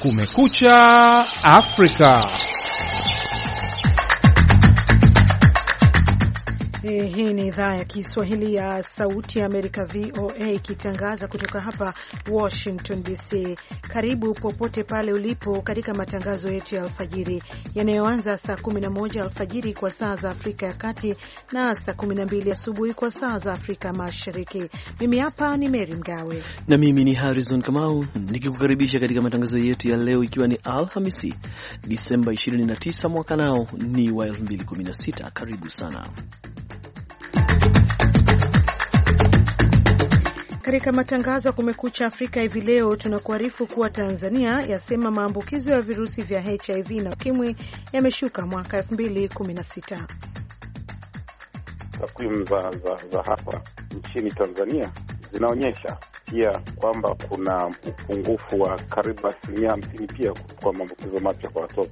Kumekucha Afrika. Eh, hii ni idhaa ya Kiswahili ya Sauti ya Amerika, VOA, ikitangaza kutoka hapa Washington DC. Karibu popote pale ulipo katika matangazo yetu ya alfajiri yanayoanza saa 11 alfajiri kwa saa za Afrika ya Kati na saa 12 asubuhi kwa saa za Afrika Mashariki. Mimi hapa ni Mary Mgawe na mimi ni Harrison Kamau nikikukaribisha katika matangazo yetu ya leo, ikiwa ni Alhamisi Disemba 29 mwaka nao ni wa 2016. Karibu sana Katika matangazo ya Kumekucha Afrika hivi leo tunakuarifu kuwa Tanzania yasema maambukizo ya virusi vya HIV na ukimwi yameshuka mwaka 2016. Takwimu za, za, za hapa nchini Tanzania zinaonyesha pia kwamba kuna upungufu wa karibu asilimia hamsini pia kwa maambukizo mapya kwa watoto.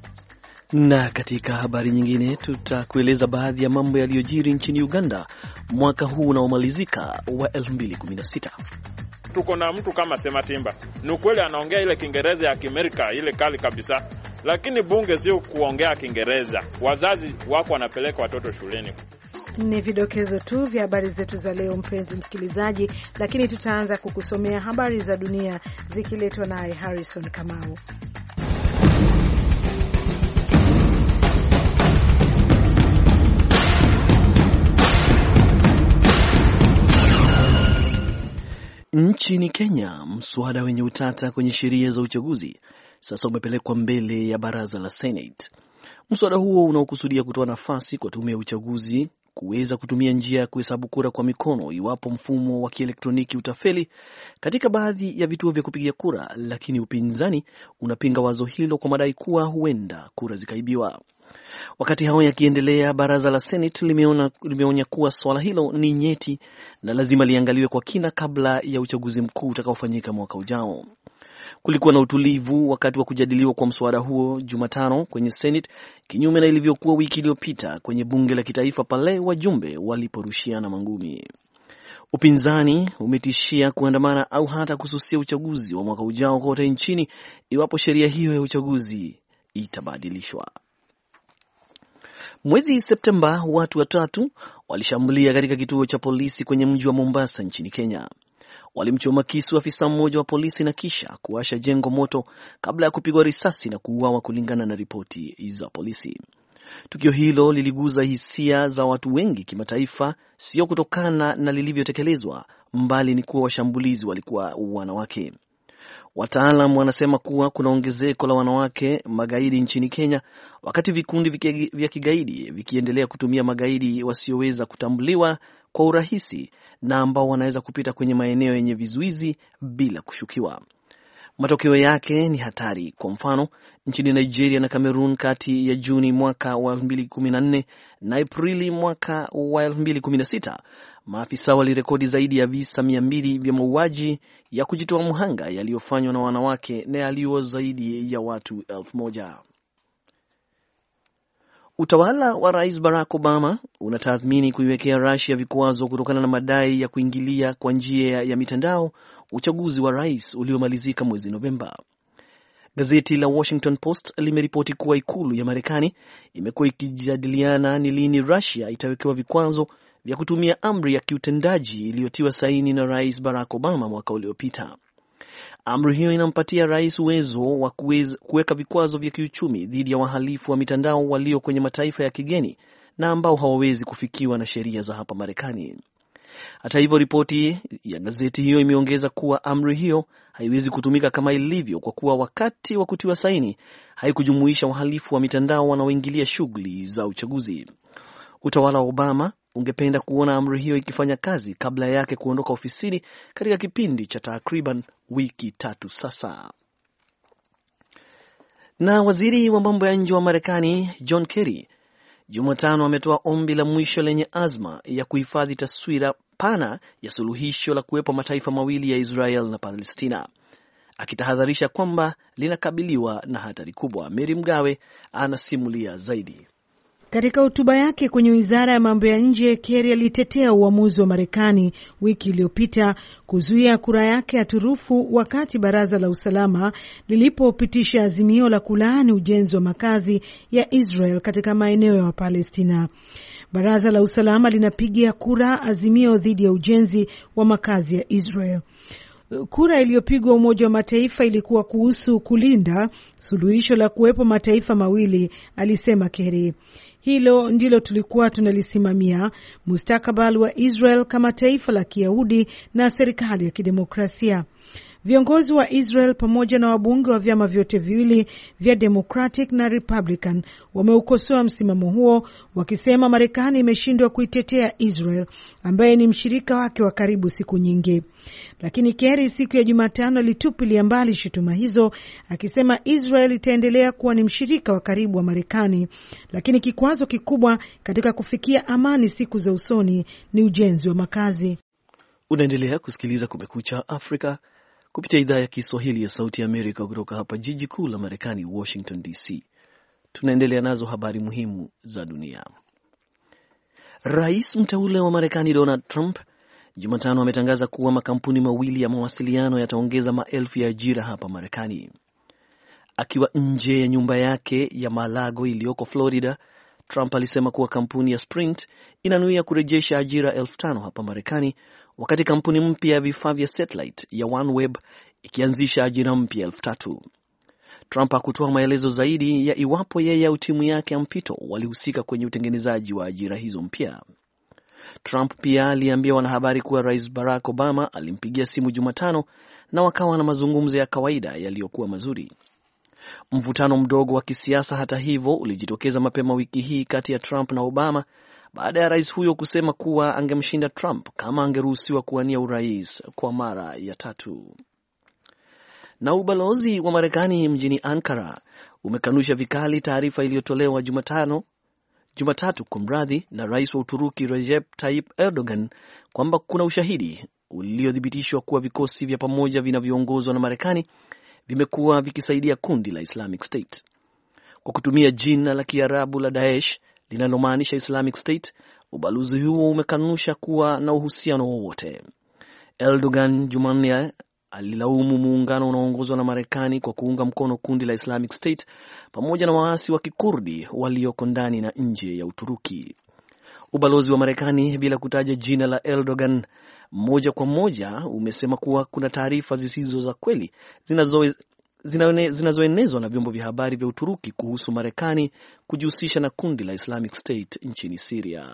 Na katika habari nyingine, tutakueleza baadhi ya mambo yaliyojiri nchini Uganda mwaka huu unaomalizika wa 2016. Tuko na mtu kama Sematimba, ni ukweli anaongea ile Kiingereza ya Kimerika ile kali kabisa, lakini bunge sio kuongea Kiingereza. Wazazi wako wanapeleka watoto shuleni. Ni vidokezo tu vya habari zetu za leo, mpenzi msikilizaji, lakini tutaanza kukusomea habari za dunia zikiletwa naye Harrison Kamau. Nchini Kenya, mswada wenye utata kwenye sheria za uchaguzi sasa umepelekwa mbele ya baraza la Senate. Mswada huo unaokusudia kutoa nafasi kwa tume ya uchaguzi kuweza kutumia njia ya kuhesabu kura kwa mikono iwapo mfumo wa kielektroniki utafeli katika baadhi ya vituo vya kupigia kura, lakini upinzani unapinga wazo hilo kwa madai kuwa huenda kura zikaibiwa. Wakati hao yakiendelea, baraza la Senate limeona, limeonya kuwa swala hilo ni nyeti na lazima liangaliwe kwa kina kabla ya uchaguzi mkuu utakaofanyika mwaka ujao. Kulikuwa na utulivu wakati wa kujadiliwa kwa mswada huo Jumatano kwenye Senate, kinyume na ilivyokuwa wiki iliyopita kwenye bunge la kitaifa pale wajumbe waliporushiana mangumi. Upinzani umetishia kuandamana au hata kususia uchaguzi wa mwaka ujao kote nchini iwapo sheria hiyo ya uchaguzi itabadilishwa. Mwezi Septemba, watu watatu walishambulia katika kituo cha polisi kwenye mji wa Mombasa nchini Kenya walimchoma kisu afisa mmoja wa polisi na kisha kuasha jengo moto kabla ya kupigwa risasi na kuuawa, kulingana na ripoti za polisi. Tukio hilo liliguza hisia za watu wengi kimataifa, sio kutokana na lilivyotekelezwa, mbali ni kuwa washambulizi walikuwa wanawake. Wataalam wanasema kuwa kuna ongezeko la wanawake magaidi nchini Kenya, wakati vikundi vya kigaidi vikiendelea kutumia magaidi wasioweza kutambuliwa kwa urahisi na ambao wanaweza kupita kwenye maeneo yenye vizuizi bila kushukiwa. Matokeo yake ni hatari. Kwa mfano, nchini Nigeria na Cameroon kati ya Juni mwaka wa 2014 na Aprili mwaka wa 2016 maafisa walirekodi zaidi ya visa 200 vya mauaji ya kujitoa mhanga yaliyofanywa na wanawake na yaliyo zaidi ya watu elfu moja. Utawala wa Rais Barack Obama unatathmini kuiwekea rasia vikwazo kutokana na madai ya kuingilia kwa njia ya mitandao uchaguzi wa rais uliomalizika mwezi Novemba. Gazeti la Washington Post limeripoti kuwa ikulu ya Marekani imekuwa ikijadiliana ni lini Rusia itawekewa vikwazo vya kutumia amri ya kiutendaji iliyotiwa saini na Rais Barack Obama mwaka uliopita. Amri hiyo inampatia rais uwezo wa kuweka vikwazo vya kiuchumi dhidi ya wahalifu wa mitandao walio kwenye mataifa ya kigeni na ambao hawawezi kufikiwa na sheria za hapa Marekani. Hata hivyo, ripoti ya gazeti hiyo imeongeza kuwa amri hiyo haiwezi kutumika kama ilivyo, kwa kuwa wakati wa kutiwa saini haikujumuisha wahalifu wa mitandao wanaoingilia shughuli za uchaguzi. Utawala wa Obama ungependa kuona amri hiyo ikifanya kazi kabla yake kuondoka ofisini katika kipindi cha takriban wiki tatu sasa. Na waziri wa mambo ya nje wa Marekani John Kerry Jumatano ametoa ombi la mwisho lenye azma ya kuhifadhi taswira pana ya suluhisho la kuwepo mataifa mawili ya Israel na Palestina, akitahadharisha kwamba linakabiliwa na hatari kubwa. Meri Mgawe anasimulia zaidi. Katika hotuba yake kwenye wizara ya mambo ya nje, Kerry alitetea uamuzi wa Marekani wiki iliyopita kuzuia kura yake ya turufu wakati baraza la usalama lilipopitisha azimio la kulaani ujenzi wa makazi ya Israel katika maeneo ya Wapalestina. Baraza la usalama linapiga kura azimio dhidi ya ujenzi wa makazi ya Israel. Kura iliyopigwa Umoja wa Mataifa ilikuwa kuhusu kulinda suluhisho la kuwepo mataifa mawili, alisema Kerry. Hilo ndilo tulikuwa tunalisimamia, mustakabali wa Israel kama taifa la Kiyahudi na serikali ya kidemokrasia. Viongozi wa Israel pamoja na wabunge wa vyama vyote viwili vya Democratic na Republican wameukosoa msimamo huo, wakisema Marekani imeshindwa kuitetea Israel ambaye ni mshirika wake wa karibu siku nyingi. Lakini Kerry siku ya Jumatano alitupilia mbali shutuma hizo, akisema Israel itaendelea kuwa ni mshirika wa karibu wa Marekani, lakini kikwazo kikubwa katika kufikia amani siku za usoni ni ujenzi wa makazi. Unaendelea kusikiliza Kumekucha Afrika kupitia idhaa ya Kiswahili ya Sauti ya Amerika kutoka hapa jiji kuu la Marekani, Washington DC. Tunaendelea nazo habari muhimu za dunia. Rais mteule wa Marekani Donald Trump Jumatano ametangaza kuwa makampuni mawili ya mawasiliano yataongeza maelfu ya ajira hapa Marekani. Akiwa nje ya nyumba yake ya Malago iliyoko Florida, Trump alisema kuwa kampuni ya Sprint inanuia kurejesha ajira elfu tano hapa Marekani, wakati kampuni mpya ya vifaa vya satellite ya OneWeb ikianzisha ajira mpya elfu tatu. Trump hakutoa maelezo zaidi ya iwapo yeye au timu yake ya mpito walihusika kwenye utengenezaji wa ajira hizo mpya. Trump pia aliambia wanahabari kuwa Rais Barack Obama alimpigia simu Jumatano na wakawa na mazungumzo ya kawaida yaliyokuwa mazuri. Mvutano mdogo wa kisiasa hata hivyo ulijitokeza mapema wiki hii kati ya Trump na Obama baada ya rais huyo kusema kuwa angemshinda Trump kama angeruhusiwa kuwania urais kwa mara ya tatu. Na ubalozi wa Marekani mjini Ankara umekanusha vikali taarifa iliyotolewa Jumatano Jumatatu kwa mradhi na rais wa Uturuki Recep Tayyip Erdogan kwamba kuna ushahidi uliothibitishwa kuwa vikosi vya pamoja vinavyoongozwa na Marekani vimekuwa vikisaidia kundi la Islamic State kwa kutumia jina la Kiarabu la Daesh linalomaanisha Islamic State, ubalozi huo umekanusha kuwa na uhusiano wowote. Erdogan Jumanne alilaumu muungano unaoongozwa na Marekani kwa kuunga mkono kundi la Islamic State pamoja na waasi wa kikurdi walioko ndani na nje ya Uturuki. Ubalozi wa Marekani, bila kutaja jina la Erdogan, moja kwa moja umesema kuwa kuna taarifa zisizo za kweli zinazo zinazoenezwa na vyombo vya habari vya Uturuki kuhusu Marekani kujihusisha na kundi la Islamic State nchini Siria.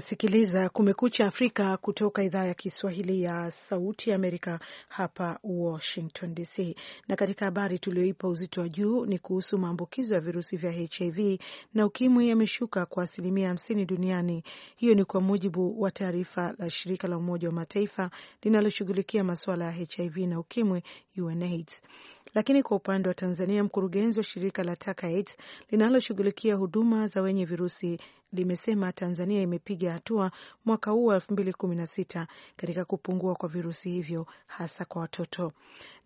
Unasikiliza Kumekucha Afrika kutoka idhaa ya Kiswahili ya Sauti ya Amerika hapa Washington DC. Na katika habari tulioipa uzito wa juu ni kuhusu maambukizo ya virusi vya HIV na UKIMWI yameshuka kwa asilimia hamsini duniani. Hiyo ni kwa mujibu wa taarifa la shirika la Umoja wa Mataifa linaloshughulikia masuala ya HIV na UKIMWI, UNAIDS. Lakini kwa upande wa Tanzania, mkurugenzi wa shirika la TAKAIDS linaloshughulikia huduma za wenye virusi limesema Tanzania imepiga hatua mwaka huu wa elfu mbili kumi na sita katika kupungua kwa virusi hivyo hasa kwa watoto.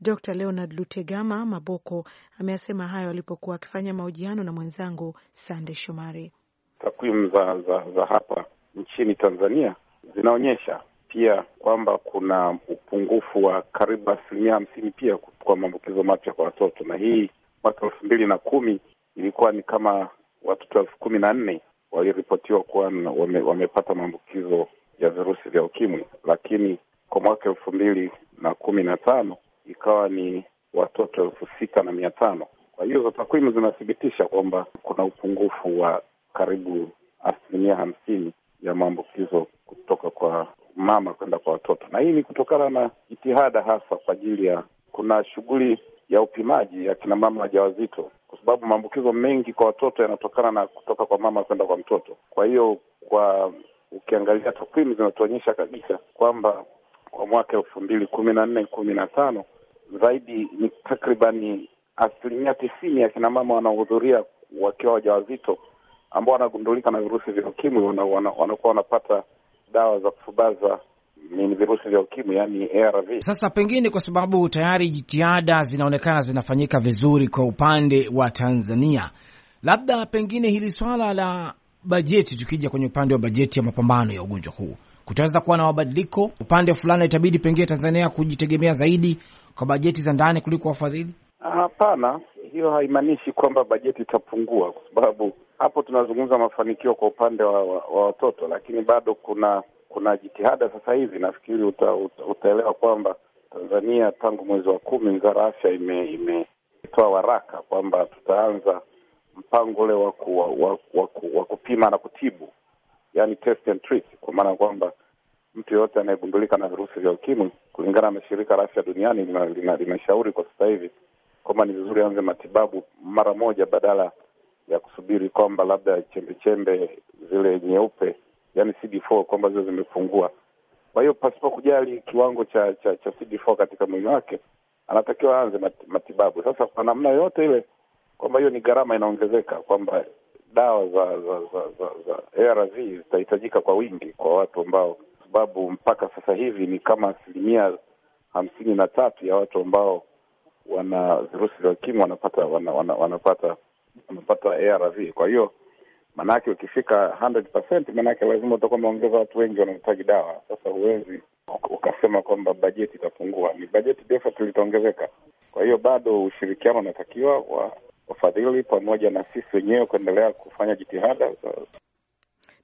Dr Leonard Lutegama Maboko ameasema hayo alipokuwa akifanya mahojiano na mwenzangu Sande Shomari. Takwimu za, za, za hapa nchini Tanzania zinaonyesha pia kwamba kuna upungufu wa karibu asilimia hamsini pia kwa maambukizo mapya kwa watoto, na hii mwaka elfu mbili na kumi ilikuwa ni kama watoto elfu kumi na nne waliripotiwa kuwa wame, wamepata maambukizo ya virusi vya ukimwi, lakini kwa mwaka elfu mbili na kumi na tano ikawa ni watoto elfu sita na mia tano. Kwa hiyo takwimu zinathibitisha kwamba kuna upungufu wa karibu asilimia hamsini ya maambukizo kutoka kwa mama kwenda kwa watoto, na hii ni kutokana na jitihada hasa kwa ajili ya kuna shughuli ya upimaji ya kina mama wajawazito sababu maambukizo mengi kwa watoto yanatokana na kutoka kwa mama kwenda kwa mtoto. Kwa hiyo kwa ukiangalia takwimu zinatuonyesha kabisa kwamba kwa mwaka elfu mbili kumi na nne kumi na tano zaidi ni takribani asilimia tisini ya kinamama wanahudhuria wakiwa wajawazito ambao wanagundulika na virusi vya ukimwi wanakuwa wana, wanapata dawa za kufubaza ni virusi vya ukimwi, yani ARV. Sasa pengine kwa sababu tayari jitihada zinaonekana zinafanyika vizuri kwa upande wa Tanzania, labda pengine hili swala la bajeti, tukija kwenye upande wa bajeti ya mapambano ya ugonjwa huu, kutaweza kuwa na mabadiliko upande fulani, itabidi pengine Tanzania kujitegemea zaidi kwa bajeti za ndani kuliko wafadhili? Hapana, hiyo haimaanishi kwamba bajeti itapungua, kwa sababu hapo tunazungumza mafanikio kwa upande wa, wa, wa watoto, lakini bado kuna kuna jitihada sasa hivi, nafikiri uta, uta, utaelewa kwamba Tanzania tangu mwezi wa kumi wizara ya afya ime, imetoa waraka kwamba tutaanza mpango ule wa wa kupima na kutibu, yani test and treat, kwa maana ya kwamba mtu yoyote anayegundulika na virusi vya ukimwi, kulingana na shirika la afya duniani linashauri lina, lina kwa sasa hivi kwamba ni vizuri aanze matibabu mara moja badala ya kusubiri kwamba labda chembechembe zile nyeupe yani CD4 kwamba zio zimepungua. Kwa hiyo pasipo kujali kiwango cha cha, cha CD4 katika mwili wake, anatakiwa aanze matibabu sasa kwa namna yoyote ile, kwamba hiyo ni gharama inaongezeka, kwamba dawa za za za, za, za ARV zitahitajika kwa wingi kwa watu ambao, sababu mpaka sasa hivi ni kama asilimia hamsini na tatu ya watu ambao wana virusi vya ukimwi wanapata wanapata wanapata ARV. Kwa hiyo Maanake ukifika 100% maanake lazima utakuwa umeongeza watu wengi wanahitaji dawa. Sasa huwezi ukasema kwamba bajeti itapungua, ni bajeti deficit litaongezeka. Kwa hiyo bado ushirikiano unatakiwa wa wafadhili pamoja na sisi wenyewe kuendelea kufanya jitihada.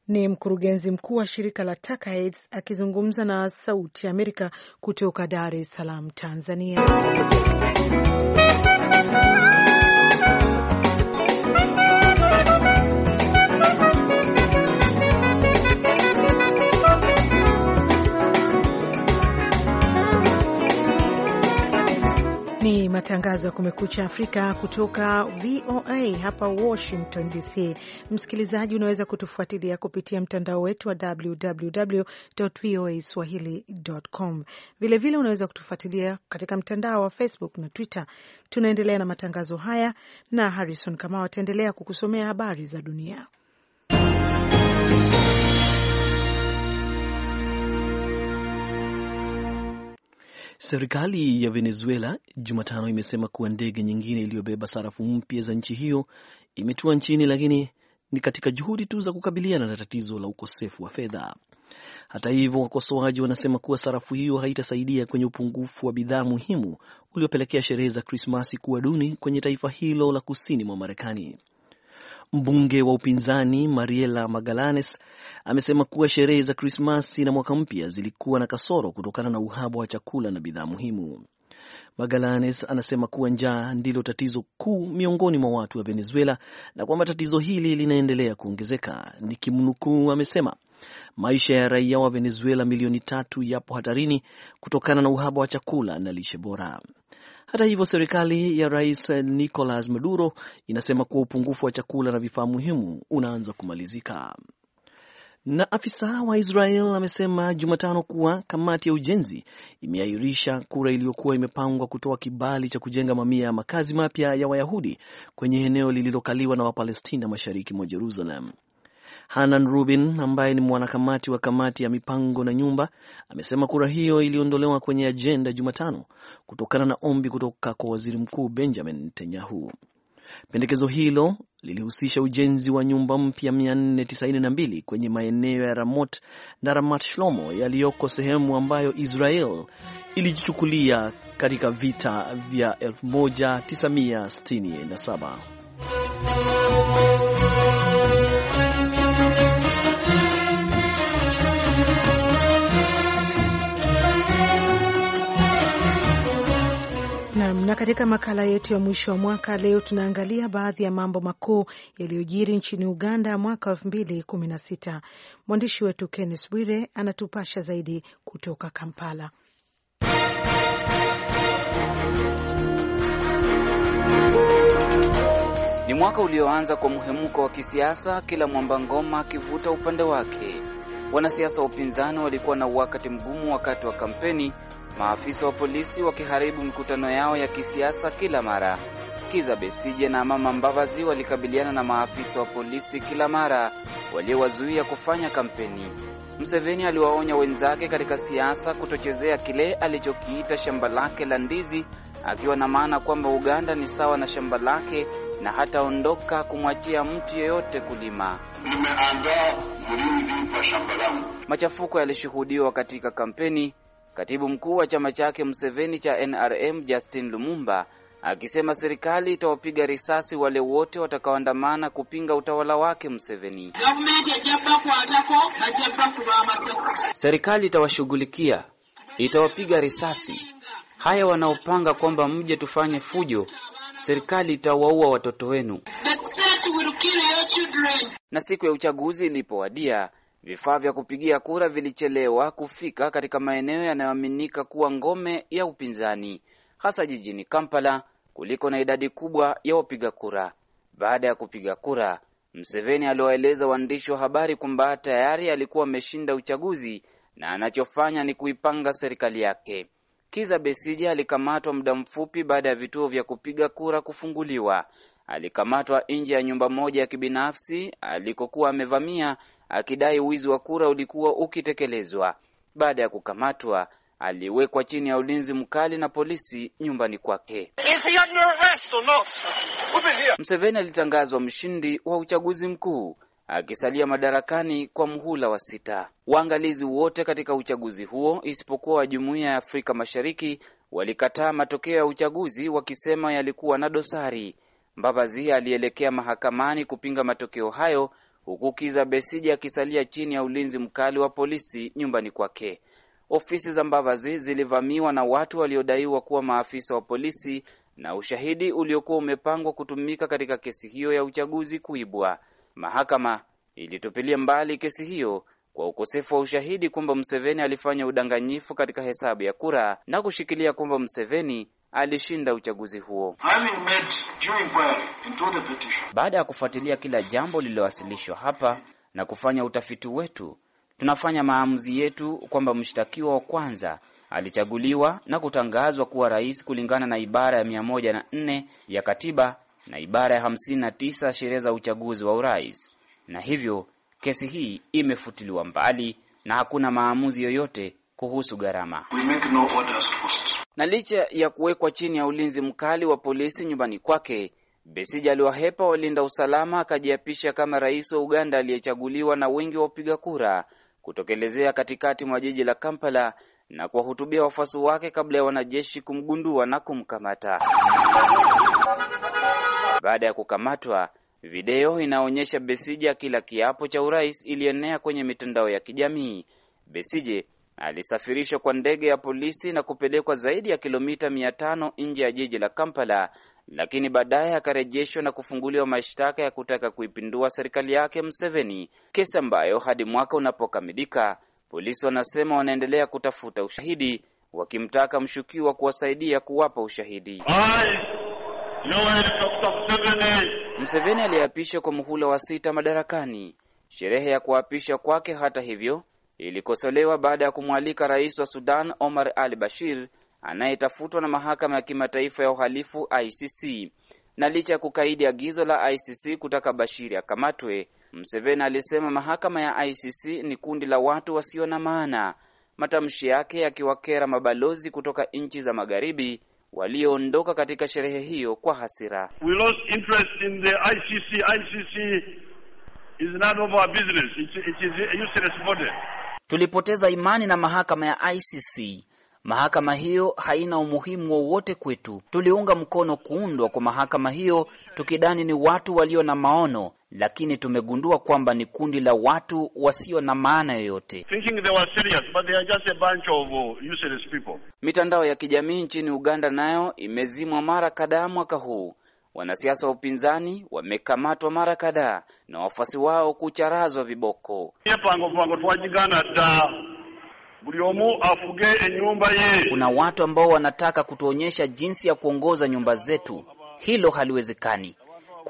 Ni mkurugenzi mkuu wa shirika la TACAIDS akizungumza na Sauti ya Amerika kutoka Dar es Salaam, Tanzania. Ni matangazo ya Kumekucha Afrika kutoka VOA hapa Washington DC. Msikilizaji, unaweza kutufuatilia kupitia mtandao wetu wa www voa swahili.com. Vilevile unaweza kutufuatilia katika mtandao wa Facebook na Twitter. Tunaendelea na matangazo haya na Harrison Kamau ataendelea kukusomea habari za dunia. Serikali ya Venezuela Jumatano imesema kuwa ndege nyingine iliyobeba sarafu mpya za nchi hiyo imetua nchini, lakini ni katika juhudi tu za kukabiliana na tatizo la ukosefu wa fedha. Hata hivyo, wakosoaji wanasema kuwa sarafu hiyo haitasaidia kwenye upungufu wa bidhaa muhimu uliopelekea sherehe za Krismasi kuwa duni kwenye taifa hilo la kusini mwa Marekani. Mbunge wa upinzani Mariela Magalanes amesema kuwa sherehe za Krismasi na mwaka mpya zilikuwa na kasoro kutokana na uhaba wa chakula na bidhaa muhimu. Magalanes anasema kuwa njaa ndilo tatizo kuu miongoni mwa watu wa Venezuela na kwamba tatizo hili linaendelea kuongezeka. Nikimnukuu, amesema maisha ya raia wa Venezuela milioni tatu yapo hatarini kutokana na uhaba wa chakula na lishe bora. Hata hivyo, serikali ya Rais Nicolas Maduro inasema kuwa upungufu wa chakula na vifaa muhimu unaanza kumalizika. Na afisa wa Israel amesema Jumatano kuwa kamati ya ujenzi imeahirisha kura iliyokuwa imepangwa kutoa kibali cha kujenga mamia ya makazi mapya ya Wayahudi kwenye eneo lililokaliwa na Wapalestina mashariki mwa Jerusalem. Hanan Rubin ambaye ni mwanakamati wa kamati ya mipango na nyumba amesema kura hiyo iliondolewa kwenye ajenda Jumatano kutokana na ombi kutoka kwa waziri mkuu Benjamin Netanyahu. Pendekezo hilo lilihusisha ujenzi wa nyumba mpya 492 kwenye maeneo ya Ramot na Ramat Shlomo yaliyoko sehemu ambayo Israel ilijichukulia katika vita vya 1967. katika makala yetu ya mwisho wa mwaka leo tunaangalia baadhi ya mambo makuu yaliyojiri nchini Uganda mwaka elfu mbili kumi na sita. Mwandishi wetu kennes Bwire anatupasha zaidi kutoka Kampala. Ni mwaka ulioanza kwa mhemko wa kisiasa, kila mwamba ngoma akivuta upande wake. Wanasiasa wa upinzani walikuwa na wakati mgumu wakati wa kampeni maafisa wa polisi wakiharibu mikutano yao ya kisiasa kila mara. Kiza Besije na Mama Mbavazi walikabiliana na maafisa wa polisi kila mara waliowazuia kufanya kampeni. Mseveni aliwaonya wenzake katika siasa kutochezea kile alichokiita shamba lake la ndizi, akiwa na maana kwamba Uganda ni sawa na shamba lake na hataondoka kumwachia mtu yeyote kulima. Nimeandaa mlinzi kwa shamba langu. Machafuko yalishuhudiwa katika kampeni Katibu mkuu wa chama chake Museveni cha NRM Justin Lumumba akisema serikali itawapiga risasi wale wote watakaoandamana kupinga utawala wake Museveni. Serikali itawashughulikia, itawapiga risasi. Haya wanaopanga kwamba mje tufanye fujo, serikali itawaua watoto wenu. Na siku ya uchaguzi ilipowadia Vifaa vya kupigia kura vilichelewa kufika katika maeneo yanayoaminika kuwa ngome ya upinzani, hasa jijini Kampala kuliko na idadi kubwa ya wapiga kura. Baada ya kupiga kura, Mseveni aliwaeleza waandishi wa habari kwamba tayari alikuwa ameshinda uchaguzi na anachofanya ni kuipanga serikali yake. Kiza Besije alikamatwa muda mfupi baada ya vituo vya kupiga kura kufunguliwa. Alikamatwa nje ya nyumba moja ya kibinafsi alikokuwa amevamia akidai wizi wa kura ulikuwa ukitekelezwa. Baada ya kukamatwa, aliwekwa chini ya ulinzi mkali na polisi nyumbani kwake. Mseveni alitangazwa mshindi wa uchaguzi mkuu akisalia madarakani kwa mhula wa sita. Waangalizi wote katika uchaguzi huo isipokuwa wa Jumuiya ya Afrika Mashariki walikataa matokeo ya uchaguzi wakisema yalikuwa na dosari. Mbabazi alielekea mahakamani kupinga matokeo hayo huku Kiza Besija akisalia chini ya ulinzi mkali wa polisi nyumbani kwake. Ofisi za Mbavazi zilivamiwa na watu waliodaiwa kuwa maafisa wa polisi na ushahidi uliokuwa umepangwa kutumika katika kesi hiyo ya uchaguzi kuibwa. Mahakama ilitupilia mbali kesi hiyo kwa ukosefu wa ushahidi kwamba Mseveni alifanya udanganyifu katika hesabu ya kura na kushikilia kwamba Mseveni alishinda uchaguzi huo. Baada ya kufuatilia kila jambo lililowasilishwa hapa na kufanya utafiti wetu, tunafanya maamuzi yetu kwamba mshtakiwa wa kwanza alichaguliwa na kutangazwa kuwa rais kulingana na ibara ya 104 ya katiba na ibara ya 59 sherehe sheria za uchaguzi wa urais, na hivyo kesi hii imefutiliwa mbali na hakuna maamuzi yoyote kuhusu gharama. We make no orders to na licha ya kuwekwa chini ya ulinzi mkali wa polisi nyumbani kwake, besija aliwahepa walinda usalama akajiapisha kama rais wa Uganda aliyechaguliwa na wengi wa wapiga kura kutokelezea katikati mwa jiji la Kampala na kuwahutubia wafuasi wake kabla ya wanajeshi kumgundua na kumkamata. Baada ya kukamatwa, video inaonyesha Besija akila kiapo cha urais ilienea kwenye mitandao ya kijamii. Besije alisafirishwa kwa ndege ya polisi na kupelekwa zaidi ya kilomita 500 nje ya jiji la Kampala, lakini baadaye akarejeshwa na kufunguliwa mashtaka ya kutaka kuipindua serikali yake Museveni, kesi ambayo hadi mwaka unapokamilika polisi wanasema wanaendelea kutafuta ushahidi, wakimtaka mshukiwa kuwasaidia kuwapa ushahidi. Museveni aliyeapishwa kwa muhula wa sita madarakani. Sherehe ya kuapisha kwake, hata hivyo, ilikosolewa baada ya kumwalika rais wa Sudan Omar al Bashir anayetafutwa na mahakama ya kimataifa ya uhalifu ICC. Na licha ya kukaidi agizo la ICC kutaka Bashir akamatwe, Mseveni alisema mahakama ya ICC ni kundi la watu wasio na maana, matamshi yake yakiwakera mabalozi kutoka nchi za magharibi walioondoka katika sherehe hiyo kwa hasira. We lost interest in the ICC. ICC is none of our business. It is useless body. Tulipoteza imani na mahakama ya ICC. Mahakama hiyo haina umuhimu wowote kwetu. Tuliunga mkono kuundwa kwa mahakama hiyo tukidhani ni watu walio na maono, lakini tumegundua kwamba ni kundi la watu wasio na maana yoyote. Uh, Mitandao ya kijamii nchini Uganda nayo imezimwa mara kadhaa mwaka huu Wanasiasa wa upinzani wamekamatwa mara kadhaa na wafuasi wao kucharazwa viboko. Kuna watu ambao wanataka kutuonyesha jinsi ya kuongoza nyumba zetu. Hilo haliwezekani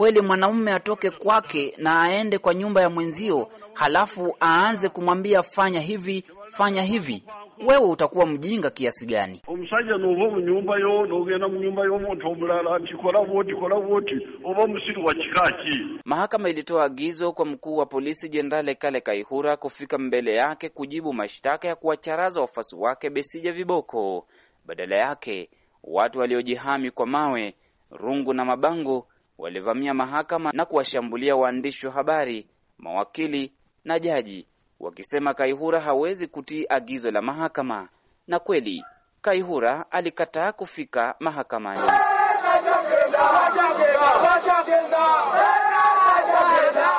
kweli mwanaume atoke kwake na aende kwa nyumba ya mwenzio, halafu aanze kumwambia fanya hivi, fanya hivi, wewe utakuwa mjinga kiasi gani? omusajja nova munyumba yo nogenda munyumba y'omuntu omulala nti kola kola voti oba musiri wa kikaki. Mahakama ilitoa agizo kwa mkuu wa polisi Jenerali Kale Kaihura kufika mbele yake kujibu mashtaka ya kuwacharaza wafuasi wake Besije viboko. Badala yake watu waliojihami kwa mawe, rungu na mabango walivamia mahakama na kuwashambulia waandishi wa habari, mawakili na jaji, wakisema Kaihura hawezi kutii agizo la mahakama. Na kweli Kaihura alikataa kufika mahakamani.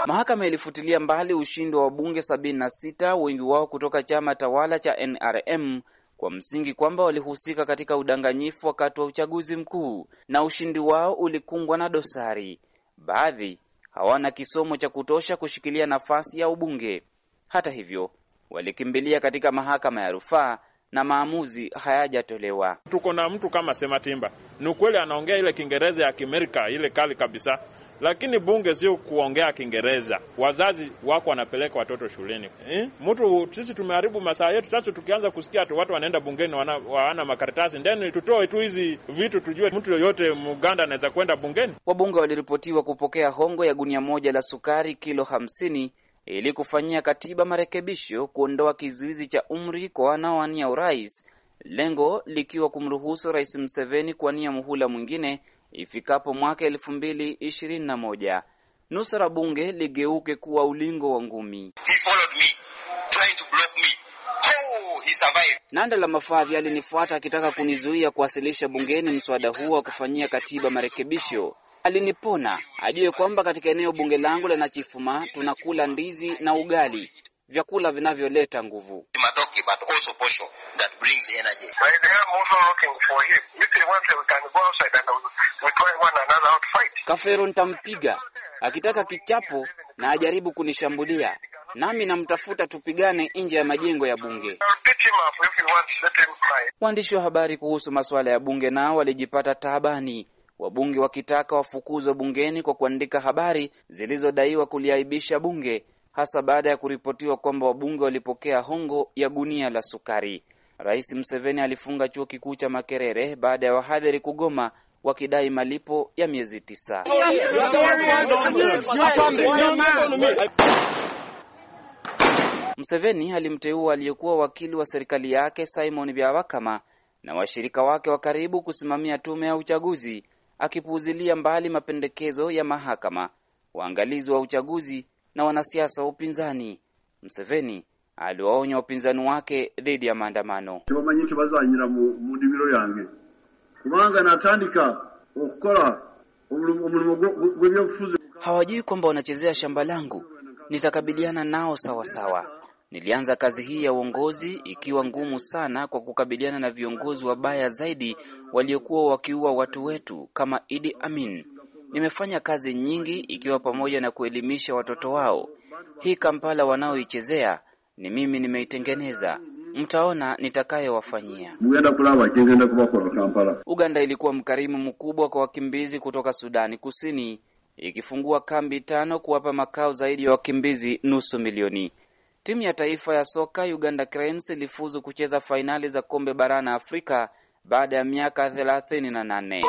Mahakama ilifutilia mbali ushindi wa wabunge 76 wengi wao kutoka chama tawala cha NRM kwa msingi kwamba walihusika katika udanganyifu wakati wa uchaguzi mkuu na ushindi wao ulikumbwa na dosari. Baadhi hawana kisomo cha kutosha kushikilia nafasi ya ubunge. Hata hivyo, walikimbilia katika mahakama ya rufaa na maamuzi hayajatolewa. Tuko na mtu kama Sematimba, ni ukweli anaongea ile Kiingereza ya Kimerika ile kali kabisa, lakini bunge sio kuongea Kiingereza. Wazazi wako wanapeleka watoto shuleni eh? Mtu sisi tumeharibu masaa yetu. Sasa tukianza kusikia tu watu wanaenda bungeni wana, makaratasi ndeni, tutoe tu hizi vitu tujue mtu yoyote Muganda anaweza kwenda bungeni. Wabunge waliripotiwa kupokea hongo ya gunia moja la sukari kilo hamsini ili kufanyia katiba marekebisho kuondoa kizuizi cha umri kwa wanaowania urais, lengo likiwa kumruhusu Rais Mseveni kuwania muhula mwingine ifikapo mwaka elfu mbili ishirini na moja nusra bunge ligeuke kuwa ulingo wa ngumi. Oh, Nanda la Mafadhi alinifuata akitaka kunizuia kuwasilisha bungeni mswada huo wa kufanyia katiba marekebisho. Alinipona ajue kwamba katika eneo bunge langu la Nachifuma tunakula ndizi na ugali, vyakula vinavyoleta nguvu. Madoki, but also Bosho that brings energy. But they are also looking for him. If they want, we can go outside and we try one another out fight. Kafero ntampiga akitaka kichapo na ajaribu kunishambulia nami namtafuta tupigane nje ya majengo ya bunge. Waandishi wa habari kuhusu masuala ya bunge nao walijipata taabani, wabunge wakitaka wafukuzwe bungeni kwa kuandika habari zilizodaiwa kuliaibisha bunge hasa baada ya kuripotiwa kwamba wabunge walipokea hongo ya gunia la sukari. Rais Mseveni alifunga chuo kikuu cha Makerere baada ya wahadhiri kugoma wakidai malipo ya miezi tisa. Mseveni alimteua aliyekuwa wakili wa serikali yake Simon Byabakama na washirika wake wa karibu kusimamia tume ya uchaguzi, akipuuzilia mbali mapendekezo ya mahakama. Waangalizi wa uchaguzi na wanasiasa wa upinzani. Mseveni aliwaonya upinzani wake dhidi ya maandamano. bamanyike bazanyira mu ndimiro yange kubanga natandika okukora umurimo gw'ebyobufuzi. Hawajui kwamba wanachezea shamba langu, nitakabiliana nao sawasawa sawa. Nilianza kazi hii ya uongozi ikiwa ngumu sana, kwa kukabiliana na viongozi wabaya zaidi waliokuwa wakiua watu wetu kama Idi Amin. Nimefanya kazi nyingi ikiwa pamoja na kuelimisha watoto wao. Hii Kampala wanaoichezea ni mimi nimeitengeneza. Mtaona nitakayowafanyia. Uganda ilikuwa mkarimu mkubwa kwa wakimbizi kutoka Sudani Kusini, ikifungua kambi tano kuwapa makao zaidi ya wakimbizi nusu milioni. Timu ya taifa ya soka Uganda Cranes ilifuzu kucheza fainali za kombe barani Afrika baada ya miaka 38.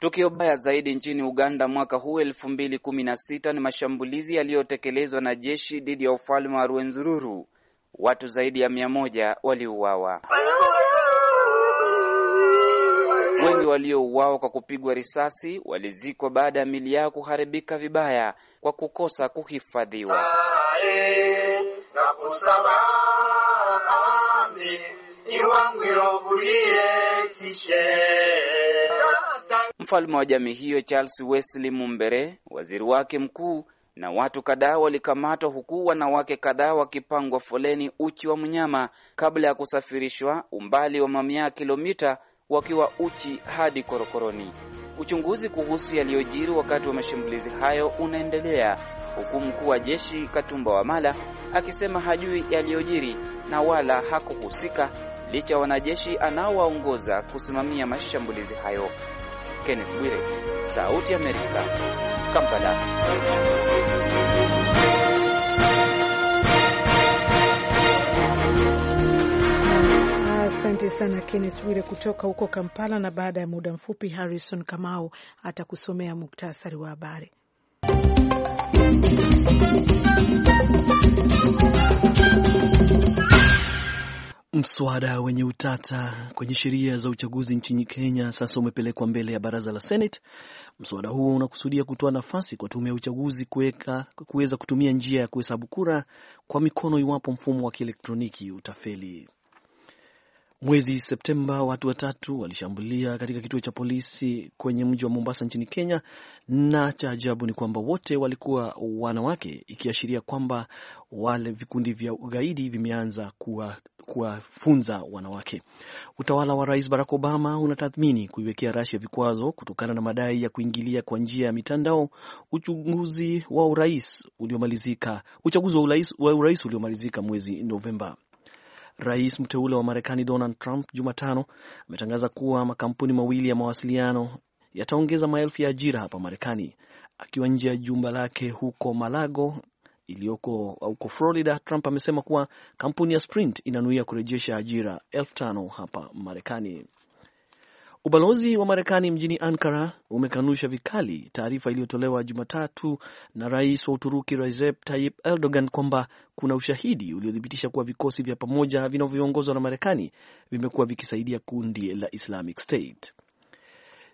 Tukio baya zaidi nchini Uganda mwaka huu elfu mbili kumi na sita ni mashambulizi yaliyotekelezwa na jeshi dhidi ya ufalme wa Rwenzururu. Watu zaidi ya mia moja waliuawa, wengi waliouawa kwa kupigwa risasi walizikwa baada ya mili yao kuharibika vibaya kwa kukosa kuhifadhiwa. Mfalme wa jamii hiyo Charles Wesley Mumbere, waziri wake mkuu na watu kadhaa walikamatwa, huku wanawake kadhaa wakipangwa foleni uchi wa mnyama kabla ya kusafirishwa umbali wa mamia ya kilomita wakiwa uchi hadi korokoroni. Uchunguzi kuhusu yaliyojiri wakati wa mashambulizi hayo unaendelea, huku mkuu wa jeshi Katumba Wamala akisema hajui yaliyojiri na wala hakuhusika licha ya wanajeshi anaowaongoza kusimamia mashambulizi hayo. Kenneth Bwire, Sauti Amerika, Kampala. Asante sana Kenneth Bwire kutoka huko Kampala. Na baada ya muda mfupi, Harrison Kamau atakusomea muktasari wa habari. Mswada wenye utata kwenye sheria za uchaguzi nchini Kenya sasa umepelekwa mbele ya baraza la Senate. Mswada huo unakusudia kutoa nafasi kwa tume ya uchaguzi kuweza kutumia njia ya kuhesabu kura kwa mikono iwapo mfumo wa kielektroniki utafeli. Mwezi Septemba watu watatu walishambulia katika kituo cha polisi kwenye mji wa Mombasa nchini Kenya, na cha ajabu ni kwamba wote walikuwa wanawake, ikiashiria kwamba wale vikundi vya ugaidi vimeanza kuwafunza wanawake. Utawala wa Rais Barack Obama unatathmini kuiwekea Rasia vikwazo kutokana na madai ya kuingilia kwa njia ya mitandao uchaguzi wa urais uliomalizika, uchaguzi wa urais uliomalizika mwezi Novemba. Rais mteule wa Marekani Donald Trump Jumatano ametangaza kuwa makampuni mawili ya mawasiliano yataongeza maelfu ya ajira hapa Marekani. Akiwa nje ya jumba lake huko Malago iliyoko huko Florida, Trump amesema kuwa kampuni ya Sprint inanuia kurejesha ajira elfu tano hapa Marekani. Ubalozi wa Marekani mjini Ankara umekanusha vikali taarifa iliyotolewa Jumatatu na rais wa Uturuki Recep Tayyip Erdogan kwamba kuna ushahidi uliothibitisha kuwa vikosi vya pamoja vinavyoongozwa na Marekani vimekuwa vikisaidia kundi la Islamic State.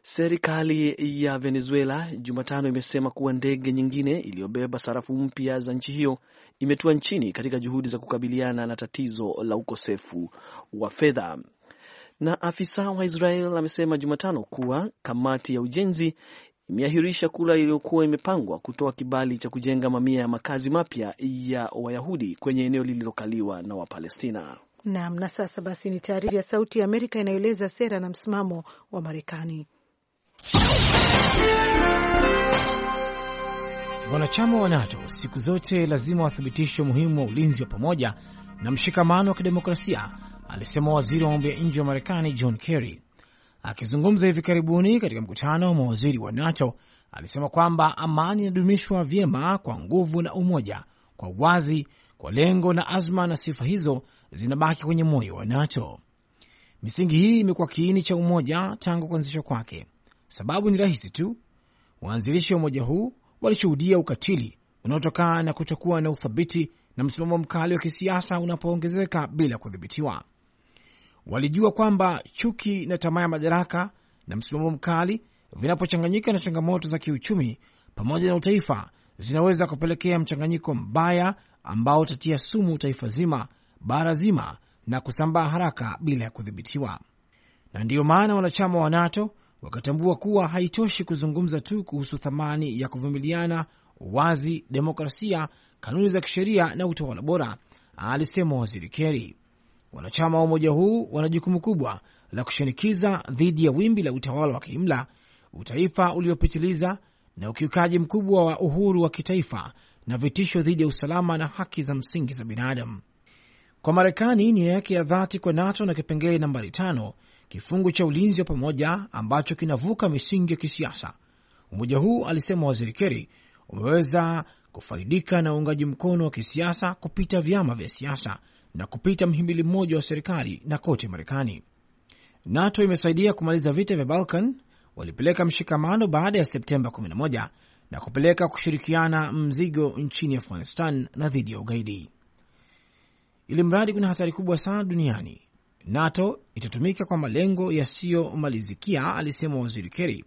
Serikali ya Venezuela Jumatano imesema kuwa ndege nyingine iliyobeba sarafu mpya za nchi hiyo imetua nchini katika juhudi za kukabiliana na tatizo la ukosefu wa fedha. Na afisa wa Israel amesema Jumatano kuwa kamati ya ujenzi imeahirisha kura iliyokuwa imepangwa kutoa kibali cha kujenga mamia ya makazi mapya ya Wayahudi kwenye eneo lililokaliwa na Wapalestina. Naam, na sasa basi ni taarifa ya Sauti ya Amerika inayoeleza sera na msimamo wa Marekani. Wanachama wa NATO siku zote lazima wathibitishe umuhimu wa ulinzi wa pamoja na mshikamano wa kidemokrasia alisema waziri wa mambo ya nje wa Marekani John Kerry akizungumza hivi karibuni katika mkutano wa mawaziri wa NATO. Alisema kwamba amani inadumishwa vyema kwa nguvu na umoja, kwa uwazi, kwa lengo na azma, na sifa hizo zinabaki kwenye moyo wa NATO. Misingi hii imekuwa kiini cha umoja tangu kuanzishwa kwake. Sababu ni rahisi tu, waanzilishi wa umoja huu walishuhudia ukatili unaotokana na kutokuwa na uthabiti na msimamo mkali wa kisiasa unapoongezeka bila kudhibitiwa walijua kwamba chuki na tamaa ya madaraka na msimamo mkali vinapochanganyika na changamoto za kiuchumi pamoja na utaifa zinaweza kupelekea mchanganyiko mbaya ambao utatia sumu taifa zima, bara zima, na kusambaa haraka bila ya kudhibitiwa. Na ndiyo maana wanachama wa NATO wakatambua kuwa haitoshi kuzungumza tu kuhusu thamani ya kuvumiliana, uwazi, demokrasia, kanuni za kisheria na utawala bora, alisema Waziri Kerry. Wanachama wa umoja huu wana jukumu kubwa la kushinikiza dhidi ya wimbi la utawala wa kiimla, utaifa uliopitiliza na ukiukaji mkubwa wa uhuru wa kitaifa na vitisho dhidi ya usalama na haki za msingi za binadamu. Kwa Marekani, nia yake ya dhati kwa NATO na kipengele nambari tano kifungu cha ulinzi wa pamoja ambacho kinavuka misingi ya kisiasa. Umoja huu, alisema Waziri Kerry, umeweza kufaidika na uungaji mkono wa kisiasa kupita vyama vya siasa na kupita mhimili mmoja wa serikali na kote Marekani. NATO imesaidia kumaliza vita vya Balkan, walipeleka mshikamano baada ya Septemba 11 na kupeleka kushirikiana mzigo nchini Afghanistan na dhidi ya ugaidi. Ili mradi kuna hatari kubwa sana duniani, NATO itatumika kwa malengo yasiyomalizikia, alisema waziri Kerry,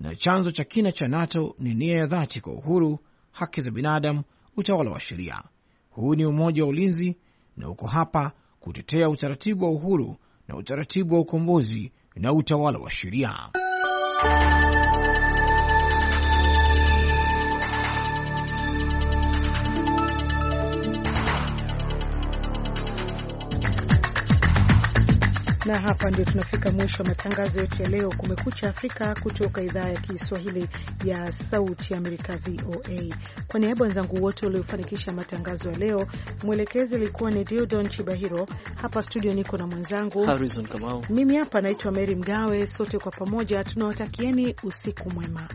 na chanzo cha kina cha NATO ni nia ya dhati kwa uhuru, haki za binadamu, utawala wa sheria. Huu ni umoja wa ulinzi na uko hapa kutetea utaratibu wa uhuru na utaratibu wa ukombozi na utawala wa sheria. na hapa ndio tunafika mwisho wa matangazo yetu ya leo Kumekucha Afrika kutoka idhaa ya Kiswahili ya Sauti ya Amerika, VOA. Kwa niaba wenzangu wote waliofanikisha matangazo ya leo, mwelekezi alikuwa ni Diodon Chibahiro. Hapa studio niko na mwenzangu Harrison Kamau. Mimi hapa naitwa Mary Mgawe. Sote kwa pamoja tunawatakieni usiku mwema.